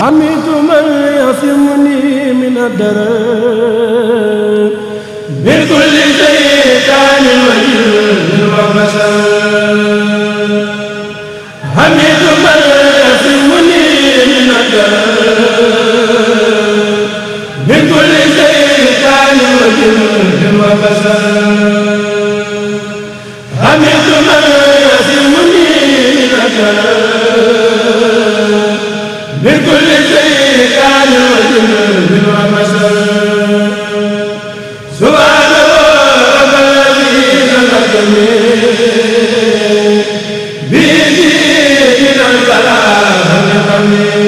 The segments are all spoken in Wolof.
حميد من يصمني من الدرر la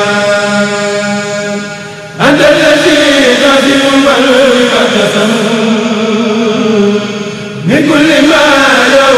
bi kulli ma yow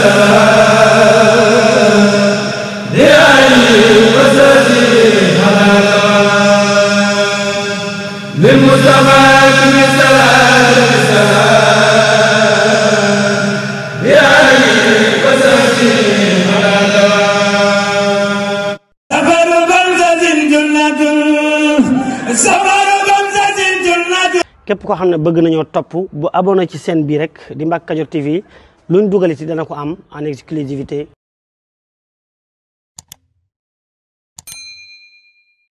képp koo xam ne bëgg nañoo topp bu abonné ci seen bi rek di Mbacke Kadior TV luñ dugale ci dana ko am en exclusivité